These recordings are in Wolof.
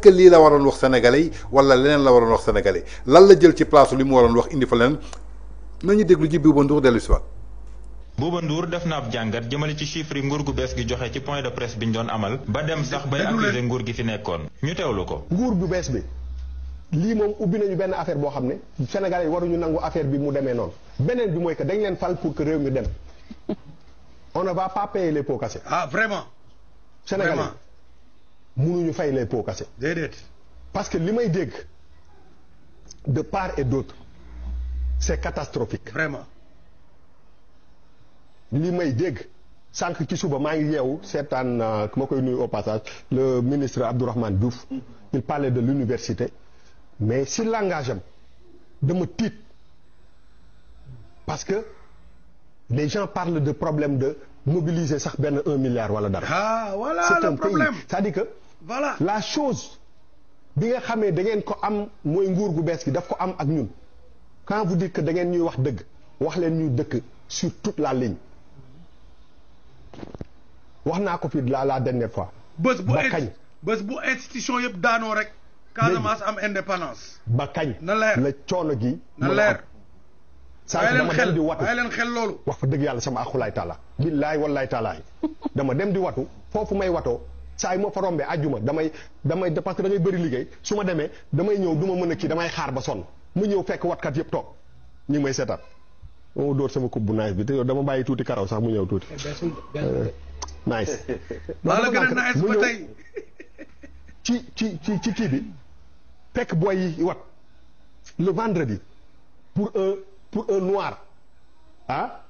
que li la waroon wax sénégalais wala leneen la waroon wax sénégalais lan la jël ci place li mu waroon wax indi fa leneen nañu déglu ji bo Ndour dellu si waat Ndour def na ab jangat jëmale ci chiffre yi nguur gu bees gi joxe ci point de presse biñ doon amal ba dem sax bay accuser nguur gi fi nekkoon ñu tewlu ko nguur bu bees bi li mom ubbi nañu benn affaire bo xam sénégalais waru ñu nangu affaire bi mu démé non benen bi moy que dañ leen fal pour que rew mi dem on ne va pas payer les pots cassés ah vraiment sénégalais mënuñu fay les pots cassés. parce que li de part et d'autre c'est catastrophique. vraiment. li may dégg sànq ci suba maa ngi yeewu seetaan euh, ma koy nuyu au passage le ministre Abdourahmane Diouf il parlait de l'université mais si l'engagement de dama tiit parce que les gens parlent de problème de mobiliser sax un milliard wala ah voilà c'est un problème à que. voilà la chose bi nga xamee da ngeen ko am mooy nguur gu bees gi daf ko am ak ñun quand vous dites que da ngeen ñuy wax dëgg wax leen ñuy dëkk sur toute la ligne wax naa ko fii la la dernière fois. bés bu kañ bés bu institution yëpp daanoo rek. Casamance am indépendance. ba kañ na la coono gi. na leer saa dama dem di watu leen xel loolu. wax fa dëgg yàlla sama akulaay taala. billaay wallaay taalaay dama dem di watu foofu may watoo. saa mo fa rombee ajjuma damay damay parce que da ngay bëri liggéey su ma damay ñëw du mëna mën damay xaar ba son mu ñëw fekk watkat yëpp toog ñu may seetaan moo door sama coupe bu nice bi te yow dama bayyi tuuti karaw sax mu ñëw tuuti. Eh, eh, nice. maa la nice ba ci ci ci ci bi fekk boy yi wat le vendredi pour un pour un noir ah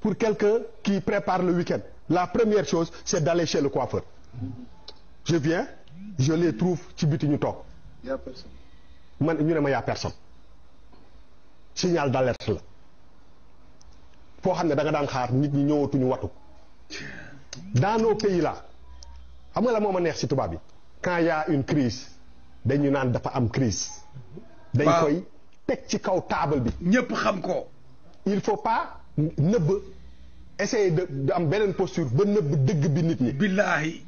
pour quelqu'un qui prépare le week-end la première chose c'est d'aller chez le coiffeur je viens je les trouve ci biti ñu Il y' a personne. man ñu ne ma personne. signal d'alerte. alerte la. foo xam ne da nga daan xaar nit ñi ñëwatuñu watu. dans nos pays là xam nga la moo ma neex ci tubaab bi. quand y' a une crise dañu naan dafa am crise dañ koy teg ci kaw table bi. ñëpp xam ko. il faut pas nëbb essayer de am beneen posture ba nëbb dëgg bi nit ñi. billaahi.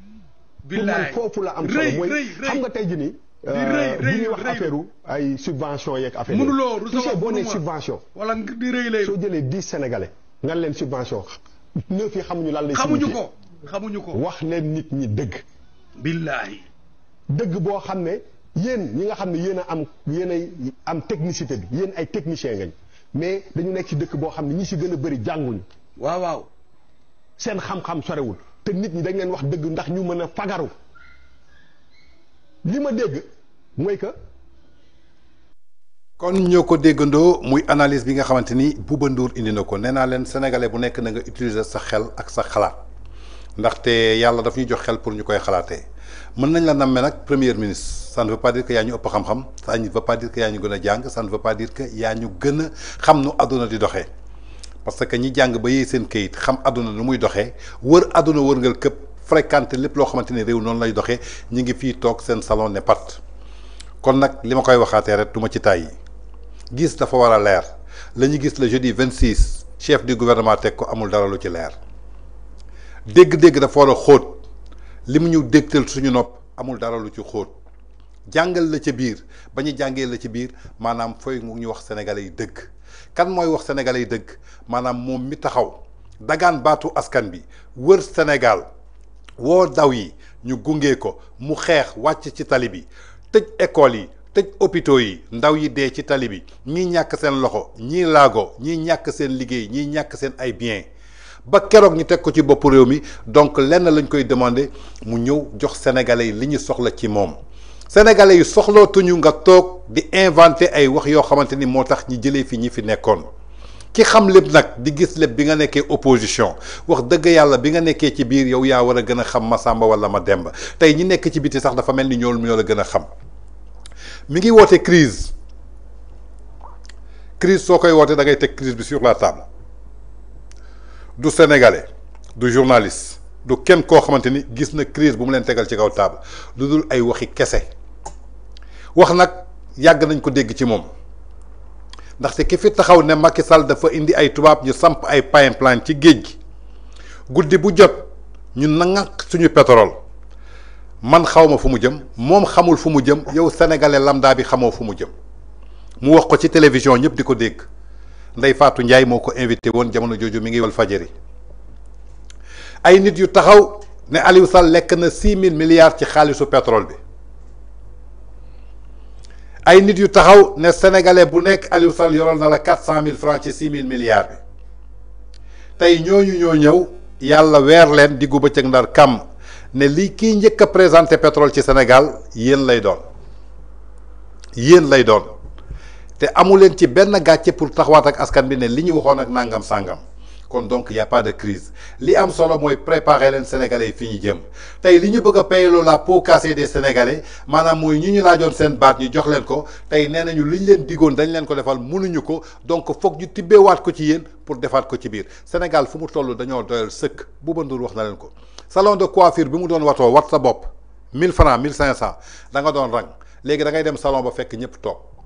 billaay foofu la am solo mooy xam nga tey ji ni di rëy rëy euh, ñuy wax affaire ay subvention yeeg affaire mënuloo recevoir boo nee subvention. wala di rëy lay soo jëlee dix sénégalais. nga leen subvention neuf yi xamuñu lan na xamuñu ko xamuñu ko wax leen nit ñi dëgg. billaay. dëgg boo xam ne yéen ñi nga xam ne yéen a am yéen ay technicité bi yéen ay technicien ngañ mais dañu nekk ci dëkk boo xam ne ñi si gën a bëri jànguñu. waaw waaw. seen xam-xam sorewul. te nit ñi dañ leen wax dëgg ndax ñu mën a fagaru li ma dégg mooy que. kon ñoo ko déggandoo muy analyse bi nga xamante ni Bouba Ndour indi na ko nee naa leen sénégalais bu nekk na nga utiliser sa xel ak sa xalaat ndaxte yàlla daf ñuy jox xel pour ñu koy xalaatee mën nañ la nammee nag premier ministre ça ne veut pas yaa ñu ëpp xam-xam ça ne veut pas yaa ñu gën a jàng ça ne veut pas que yaa ñu gën xam nu àdduna di doxee. parce que ñi jàng ba yee seen kayit xam àdduna lu muy doxee wër àdduna wërngal këpp fréquenté lépp loo xamante ni réew noonu lay doxee ñi ngi fii toog seen salon ne pat kon nag li ma koy waxaatee rek du ma ci tàyyi gis dafa war a leer la ñu gis le jeudi 26 chef du gouvernement teg ko amul dara lu ci leer dégg-dégg dafa war a xóot li mu ñu dégtal suñu nopp amul dara lu ci xóot jàngal la ca biir ba ñu jàngee la ci biir maanaam fooy mu ñu wax sénégalais yi dëgg. kan mooy wax sénégalais yi dëgg maanaam moom mi taxaw dagaan baatu askan bi wër Sénégal woo daw yi ñu gunge ko mu xeex wàcc ci tali bi tëj école yi tëj hôpitaux yi ndaw yi dee ci tali bi ñii ñàkk seen loxo ñii laago ñii ñàkk seen liggéey ñii ñàkk seen ay bien ba keroog ñu teg ko ci bopp réew mi donc lenn lañ koy demander mu ñëw jox sénégalais yi li ñu soxla ci moom. sénégalais yu soxlootuñu nga toog di inventé ay wax yoo xamante ni moo tax ñi jëlee fii ñi fi nekkoon ki xam lépp nag di gis lépp bi nga nekkee opposition wax dëgg yàlla bi nga nekkee ci biir yow yaa war a gën a xam ma sàmba wala ma demba tey ñi nekk ci biti sax dafa mel ni ñoom ñoo la gën a xam mi ngi woote crise crise soo koy wootee da ngay teg crise bi sur la table du sénégalais du journaliste du kenn koo xamante ni gis na crise bu mu leen tegal ci kaw table lu dul ay waxi kese wax nag yàgg nañ ko dégg ci moom ndaxte ki fi taxaw ne Macky Sall dafa indi ay tubaab ñu samp ay pipeline plan ci géej gi guddi bu jot ñu nangak suñu pétrole man xawma fu mu jëm moom xamul fu mu jëm yow sénégalais lambda bi xamoo fu mu jëm mu wax ko ci télévision ñëpp di ko dégg Ndeye Fatou Ndiaye moo ko invité woon jamono jooju mi ngi wal fajari ay nit yu taxaw ne Aliou Sall lekk na six mille milliards ci xaalisu pétrole bi ay nit yu taxaw ne sénégalais bu nekk Aliou Sall yoral na la quatre cent mille francs ci six mille milliards bi tey ñooñu ñoo ñëw yàlla weer leen diggu bëccëg ndar kàmm ne lii kii njëkk a présenté pétrole ci senegal yéen lay doon yéen lay doon te amu leen ci benn gàcce pour taxawaat ak askan bi ne li ñu waxoon ak nangam sàngam. kon donc il y a pas de crise li am solo moy préparer leen sénégalais yi fi Tay jëm li ñu bëgg payer lo la peau cassée des sénégalais manam moy ñu ñu la joon sen baat ñu jox leen ko Tay nenañu liñ leen digoon dañ leen ko defal mënuñu ko donc fokk ñu tibé tibbeewaat ko ci yeen pour defaat ko ci biir Sénégal fu mu toll dañoo doyal sëkk bu Ndour wax na leen ko salon de coiffure bi mu doon wato wat sa bopp 1000 francs 1500 da nga doon rang Légui da ngay dem salon ba fekk ñëpp tok.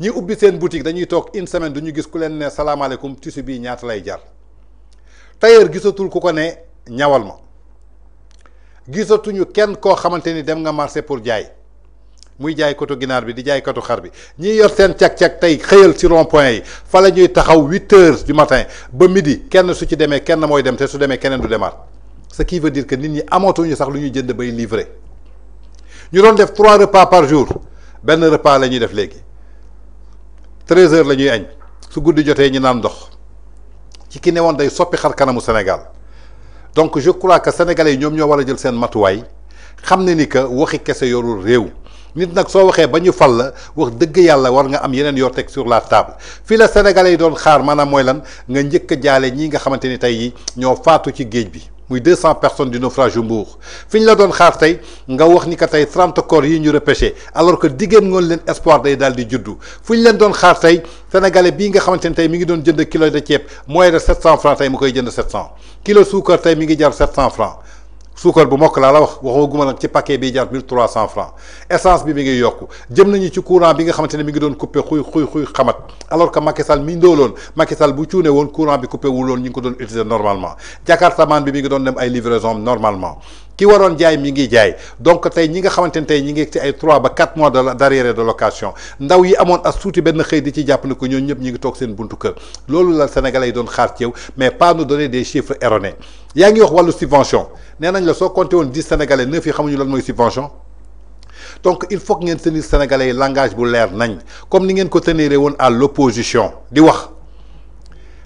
ñi ubbi seen boutique dañuy toog une semaine duñu gis ku leen ne salaamaaleykum tissu bii ñaata lay jar tailleur gisatul ku ko ne ñawal ma gisatuñu kenn koo xamante ni dem nga marché pour jaay muy jaay kotu ginaar bi di jaay kotu xar bi ñiy yor seen cag-cag tey xëyal ci rond point yi fa la taxaw huit heures du matin ba midi kenn su ci demee kenn mooy dem te su demee keneen du demaat ce qui veut dire que nit ñi amatuñu sax lu ñuy jënd bay livrer ñu doon def trois repas par jour benn repas la ñuy def léegi. treize heures la ñuy añ su guddi jotee ñu naan ndox ci ki ne woon day soppi xar kanamu Sénégal donc je crois que sénégalais yi ñoom ñoo war a jël seen matuwaay xam ne ni que waxi kese yorul réew nit nag soo waxee ba ñu fal la wax dëgg yàlla war nga am yeneen yoo teg sur la table fii la sénégalais yi doon xaar maanaam mooy lan nga njëkk a jaale ñii nga xamante ni tey yi ñoo faatu ci géej bi. 200 personnes du naufrage yu Mbour fi la don xaar tay nga wax ni tay 30 corps yi ñu repêché alors que diggéen ngoon leen espoir day dans di juddu Fuñ ñu leen doon xaar tay sénégalais bi nga xamante tay mi ngi don jënd kilo de ceeb moins de 700 francs tay mu koy jënd 700 kilo sucre tay mi ngi jar 700 francs suukar bu mokk laa la wax waxaguma nag ci paquet bi jar mille trois cent francs essence bi mi ngi yokku jëm nañu ci courant bi nga xamante ne mi ngi doon coupé xuy xuy xuy xamat alors que Macky Sall mi ndooloon Macky Sall bu cuune woon courant bi coupé wuloon ñu ngi ko doon utiliser normalement Jakartamaan bi mi ngi doon dem ay livraison normalement ki donc 3 ñi nga gens trois mois de la location ndaw yi amoon as tuuti benn xëy que ko ngi seen buntu sénégalais mais pas nous donner des chiffres erronés vous ngi wax subvention Nous la compté sénégalais neuf yi lan subvention donc il faut que ngeen les sénégalais langage bu comme nous avons ko à l'opposition di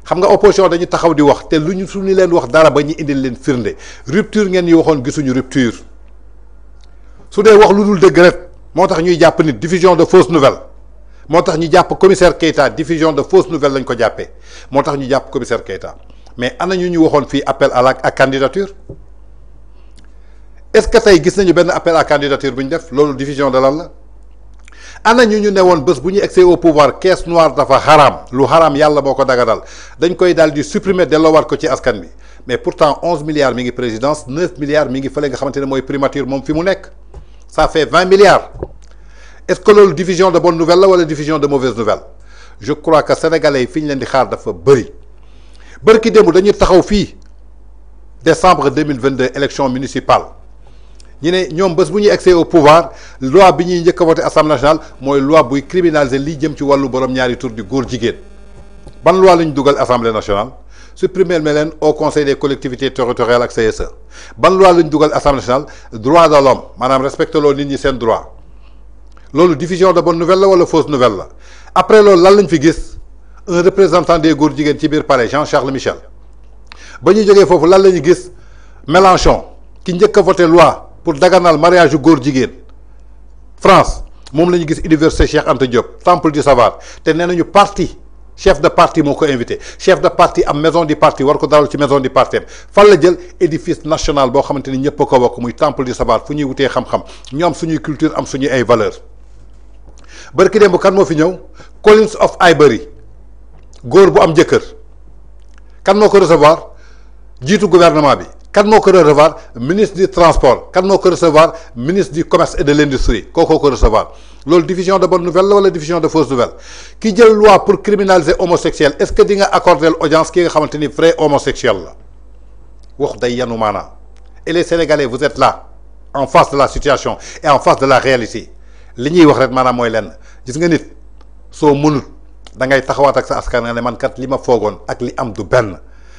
xam nga opposition dañu taxaw di wax te luñu suñu leen wax dara ba ñu leen firnde rupture ngeen gisuñu rupture su dee wax lu dul dëgg ñuy nit de fausse nouvelle moo tax ñu commissaire Keita division de fausse nouvelle lañ ko jàppee commissaire Keita mais ana ñu ñu appel à la candidature est-ce que tey gis nañu benn appel à candidature buñ def division de lan ana ñu ñu newoon bës bu ñu au pouvoir caisse noire dafa haram lu haram yalla boo ko dagadal dañ koy dal di supprimer war ko ci askan bi mais pourtant 11 milliards mi ngi présidence 9 milliards mi ngi fele nga xamantene moy primature mom fi mu ça fait 20 milliards est-ce que une division de bonnes nouvelles la wala division de mauvaises nouvelles je crois que sénégalais yi fi ñu leen di xaar dafa bëri bërki dembu dañu taxaw décembre 2022 élections municipales. élection municipale ñu ne ñoom bés bu ñuy au pouvoir loi bi ñuy njëkk voté assemblée nationale mooy loi buy criminaliser li jëm ci wàllu borom ñaari tur di góor jigéen ban loi la dugal assemblée nationale supprimer leen au conseil des collectivités territoriales ak CSE ban loi la assemblée nationale droit de l'homme maanaam respecté loo nit ñi seen droit loolu diffusion de bonne nouvelle la wala fausse nouvelle après loolu lan lañ fi gis un représentant des góor jigéen ci biir palais Jean Charles Michel ba ñu jógee foofu lan la ñu gis Mélenchon ki njëkk voté loi. pour daganal mariage yu góor jigéen France moom la ñu gis université Cheikh Anta Diop temple du savoir te nee nañu parti chef de parti moo ko invité chef de parti am maison du parti war ko dalal ci maison du parti am fan la jël édifice national boo xamante ni ñëpp a ko bokk muy temple du savoir fu ñuy wutee xam-xam ñu am suñuy culture am suñuy ay valeurs barki démb kan moo fi ñëw Collins of Highbury góor bu am jëkkër kan moo ko recevoir jiitu gouvernement bi. kan moo ko recevoir ministre du transport kan moo ko recevoir ministre du commerce et de l'Industrie industrie kookoo ko recevoir la division de nouvelles nouvelle la wala de de nouvelles nouvelle ki jël loi pour criminaliser homosexuel est ce que di nga accorder l'audience ki nga xamante vrai homosexuel wax day yanu maanaa et les sénégalais vous êtes là en face de la situation et en face de la réalité li ñuy wax rek maanaam mooy lenn gis nga nit soo mënut da ngay taxawaat ak sa askan ce ne man kat li ma que ak li am du benn.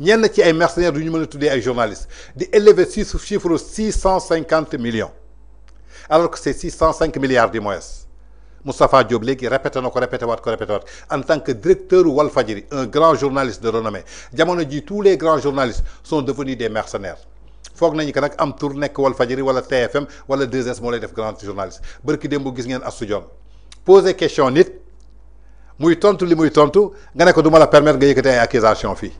ñenn ci ay mercenaires du ñu mën ay journalistes di élever si chiffre de 650 millions alors que c'est 605 milliards de moins Moustapha Diop léegi répété na ko répété waat ko en tant que directeur Walfadjri un grand journaliste de renommée jamono ji tous les grands journalistes sont devenus des mercenaires foog nañu que nag am tour nekk Walfadjri wala TFM wala 2S moo lay def grand journaliste que démb gis ngeen poser question nit muy tontu li muy tontu nga ne ko du ma la permettre nga yëkkati ay accusation fii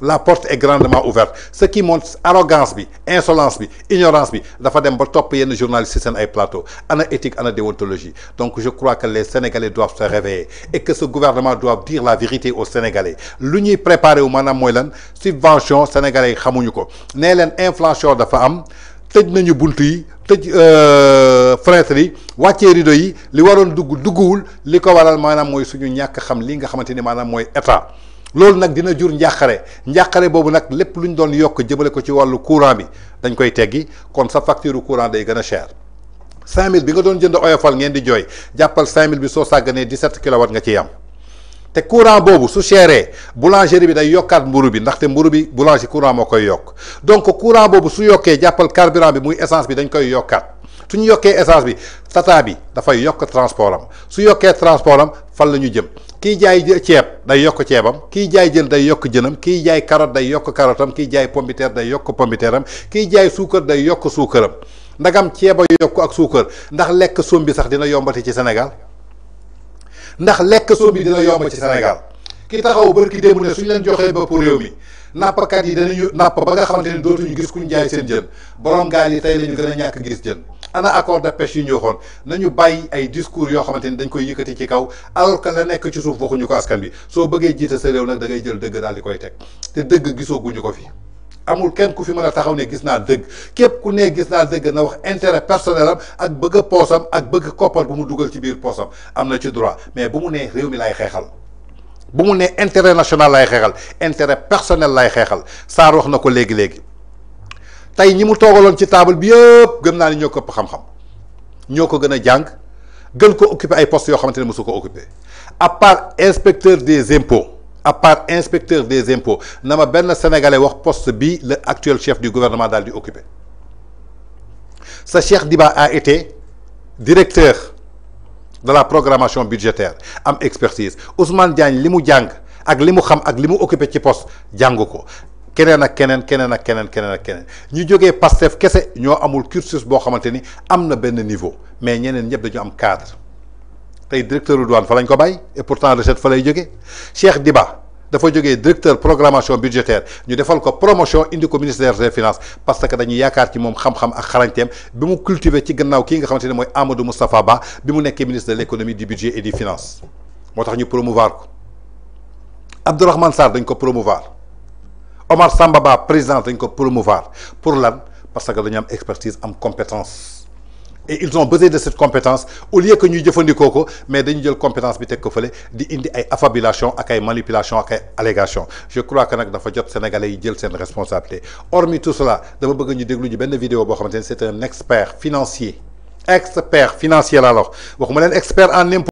la porte est grandement ouverte ce qui montre arrogance bi insolence bi ignorance bi dafa dem ba journalistes ci ay plateau ana éthique ana déontologie donc je crois que les sénégalais doivent se réveiller et que ce gouvernement doit dire la vérité aux sénégalais L'Union prépare préparé wu maanaam subvention sénégalais yi xamuñu ko nee inflation dafa am Tej nañu buntu yi tëj de euh, yi wacce rideau yi li waron dugg dugguwul li ko waral manam moy suñu xam li nga état Lol nak dina jur njàqare njàqare bobu nak lépp lu ñu doon yokk jëmale ko ci wàllu courant bi dañ koy teggi kon sa facture courant day gën a cher 5000 bi nga doon jënd oyofal ngeen di jooy jàppal 5000 bi soo sàgganee 17 kilowatt nga ci am te courant boobu su chéré boulangerie bi day yokkaat mburu bi ndaxte mburu bi boulangerie courant moo koy yokk donc courant bobu su yokkee jàppal carburant bi muy essence bi dañ koy yokkaat su ñu yokkee essence bi tata bi dafay yokk transport am su yokkee transport am fan la jëm. kii jaay ceeb day yokk ceebam kii jaay jën day yokk jënam kii jaay carotte day yokk carotam kii jaay pombiteer day yokk pombiteeram kiy jaay suukar day yokk suukaram ndagam ceeba yokk ak suukar ndax lekk som bi sax dina yombati ci senegal ndax lekk som bi dina yomb ci Sénégal ki taxaw bër ki démb ne suñu leen joxee ba pour réew mi nappkat yi danañu napp ba nga xamante ne dootuñu gis kuñ jaay seen jën borom gaal yi tey lañu gën a ñàkk gis jën ana accord de pêche yu ñu waxoon nañu bàyyi ay discours yoo xamante ni dañ koy yëkkati ci kaw alors que la nekk ci suuf waxuñu ko askan bi soo bëggee jiite sa réew nag da ngay jël dëgg daal di koy teg te dëgg gisooguñu ko fi amul kenn ku fi mën a taxaw ne gis naa dëgg képp ku ne gis naa dëgg na wax intérêt personnel am ak bëgg a poosam ak bëgg koppar bu mu dugal ci biir poosam am na ci droit mais bu mu nee réew mi laay xeexal bu mu nee intérêt national laay xeexal intérêt personnel laay xeexal Sarr wax na ko léegi-léegi tay ñi mu toogaloon ci table bi yépp gëm naa ni ñoo ko xam-xam ñoo ko gën a jàng gën ko occupé ay postes yoo xamante ne mosu ko occupé à part inspecteur des impôts à part inspecteur des impôts na ma benn sénégalais wax poste bi le actuel chef du gouvernement daal di occupé sa Cheikh Diba a été directeur de la programmation budgétaire am expertise Ousmane Diagne li mu jàng ak li mu xam ak li mu occupé ci poste jàng ko keneen ak keneen keneen ak keneen keneen ak keneen ñu jógee Pastef kese ñoo amul cursus boo xamante ni am na benn niveau mais ñeneen ñëpp dañu am cadre tey directeur douane fa lañ ko bàyyi et pourtant recette fa lay jógee Cheikh Diba dafa jógee directeur programmation budgétaire ñu defal ko promotion indi ko ministère des finances parce que dañu yaakaar ci moom xam-xam ak xarañteem bi mu cultivé ci gannaaw kii nga xamante ne mooy Amadou Moustapha Ba bi mu nekkee ministre de l' économie du budget et des finances moo tax ñu promouvoir ko Abdourahmane Sarr dañ ko promouvoir. Omar Sambaba présente président le mouvoir. promouvoir pour lan parce que dañu une expertise une compétence et ils ont besoin de cette compétence au lieu que ñuy le coco mais dañu une compétence qui teg ko fële di indi affabulation ak manipulation ak allégation je crois que nous avons jot sénégalais yi jël une responsabilité hormis tout cela dama bëgg ñu déglu ñu vidéo c'est un expert financier expert financier alors. alors waxuma un expert en impôts.